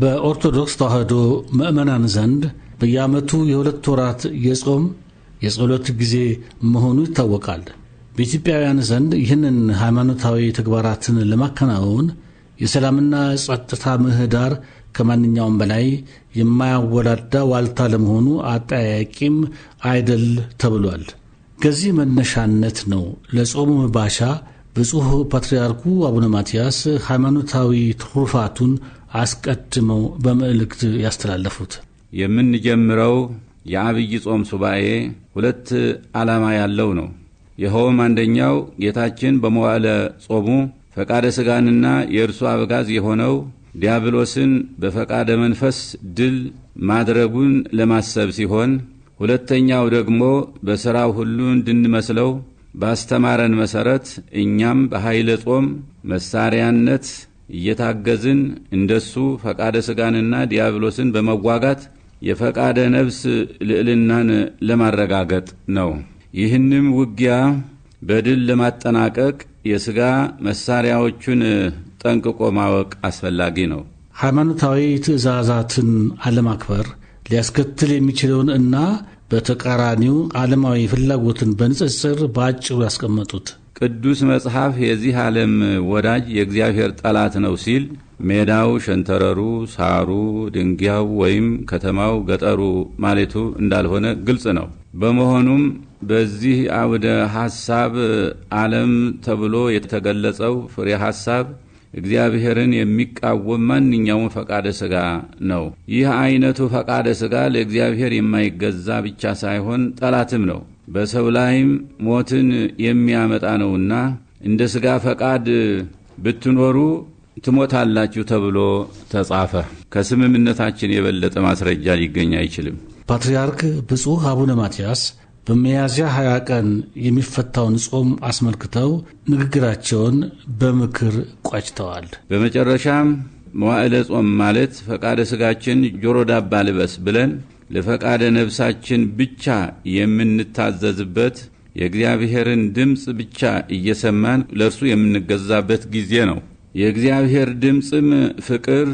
በኦርቶዶክስ ተዋህዶ ምእመናን ዘንድ በየዓመቱ የሁለት ወራት የጾም የጸሎት ጊዜ መሆኑ ይታወቃል። በኢትዮጵያውያን ዘንድ ይህንን ሃይማኖታዊ ተግባራትን ለማከናወን የሰላምና ጸጥታ ምህዳር ከማንኛውም በላይ የማያወላዳ ዋልታ ለመሆኑ አጠያያቂም አይደል ተብሏል። ከዚህ መነሻነት ነው ለጾሙ ባሻ ብፁዕ ፓትርያርኩ አቡነ ማትያስ ሃይማኖታዊ ትሩፋቱን አስቀድመው በመልእክት ያስተላለፉት የምንጀምረው የአብይ ጾም ሱባኤ ሁለት ዓላማ ያለው ነው። ይኸውም አንደኛው ጌታችን በመዋለ ጾሙ ፈቃደ ሥጋንና የእርሱ አበጋዝ የሆነው ዲያብሎስን በፈቃደ መንፈስ ድል ማድረጉን ለማሰብ ሲሆን፣ ሁለተኛው ደግሞ በሥራው ሁሉ እንድንመስለው ባስተማረን መሰረት እኛም በኃይለ ጾም መሳሪያነት እየታገዝን እንደሱ ፈቃደ ስጋንና ዲያብሎስን በመዋጋት የፈቃደ ነፍስ ልዕልናን ለማረጋገጥ ነው። ይህንም ውጊያ በድል ለማጠናቀቅ የስጋ መሳሪያዎቹን ጠንቅቆ ማወቅ አስፈላጊ ነው። ሃይማኖታዊ ትእዛዛትን አለማክበር ሊያስከትል የሚችለውን እና በተቃራኒው ዓለማዊ ፍላጎትን በንጽጽር በአጭሩ ያስቀመጡት ቅዱስ መጽሐፍ የዚህ ዓለም ወዳጅ የእግዚአብሔር ጠላት ነው ሲል ሜዳው፣ ሸንተረሩ፣ ሳሩ፣ ድንጊያው ወይም ከተማው፣ ገጠሩ ማለቱ እንዳልሆነ ግልጽ ነው። በመሆኑም በዚህ አውደ ሐሳብ ዓለም ተብሎ የተገለጸው ፍሬ ሐሳብ እግዚአብሔርን የሚቃወም ማንኛውም ፈቃደ ሥጋ ነው። ይህ አይነቱ ፈቃደ ሥጋ ለእግዚአብሔር የማይገዛ ብቻ ሳይሆን ጠላትም ነው። በሰው ላይም ሞትን የሚያመጣ ነውና እንደ ሥጋ ፈቃድ ብትኖሩ ትሞታላችሁ ተብሎ ተጻፈ። ከስምምነታችን የበለጠ ማስረጃ ሊገኝ አይችልም። ፓትርያርክ ብፁዕ አቡነ ማትያስ በሚያዝያ 20 ቀን የሚፈታውን ጾም አስመልክተው ንግግራቸውን በምክር ቋጭተዋል። በመጨረሻም መዋዕለ ጾም ማለት ፈቃደ ስጋችን ጆሮ ዳባ ልበስ ብለን ለፈቃደ ነፍሳችን ብቻ የምንታዘዝበት የእግዚአብሔርን ድምፅ ብቻ እየሰማን ለእርሱ የምንገዛበት ጊዜ ነው። የእግዚአብሔር ድምፅም ፍቅር፣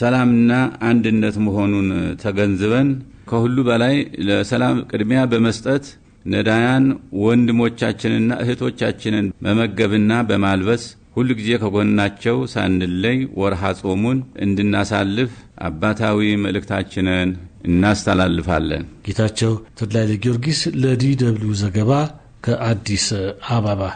ሰላምና አንድነት መሆኑን ተገንዝበን ከሁሉ በላይ ለሰላም ቅድሚያ በመስጠት ነዳያን ወንድሞቻችንና እህቶቻችንን መመገብና በማልበስ ሁል ጊዜ ከጎናቸው ሳንለይ ወርሃ ጾሙን እንድናሳልፍ አባታዊ መልእክታችንን እናስተላልፋለን። ጌታቸው ተድላይ ለጊዮርጊስ ለዲ ደብልዩ ዘገባ ከአዲስ አበባ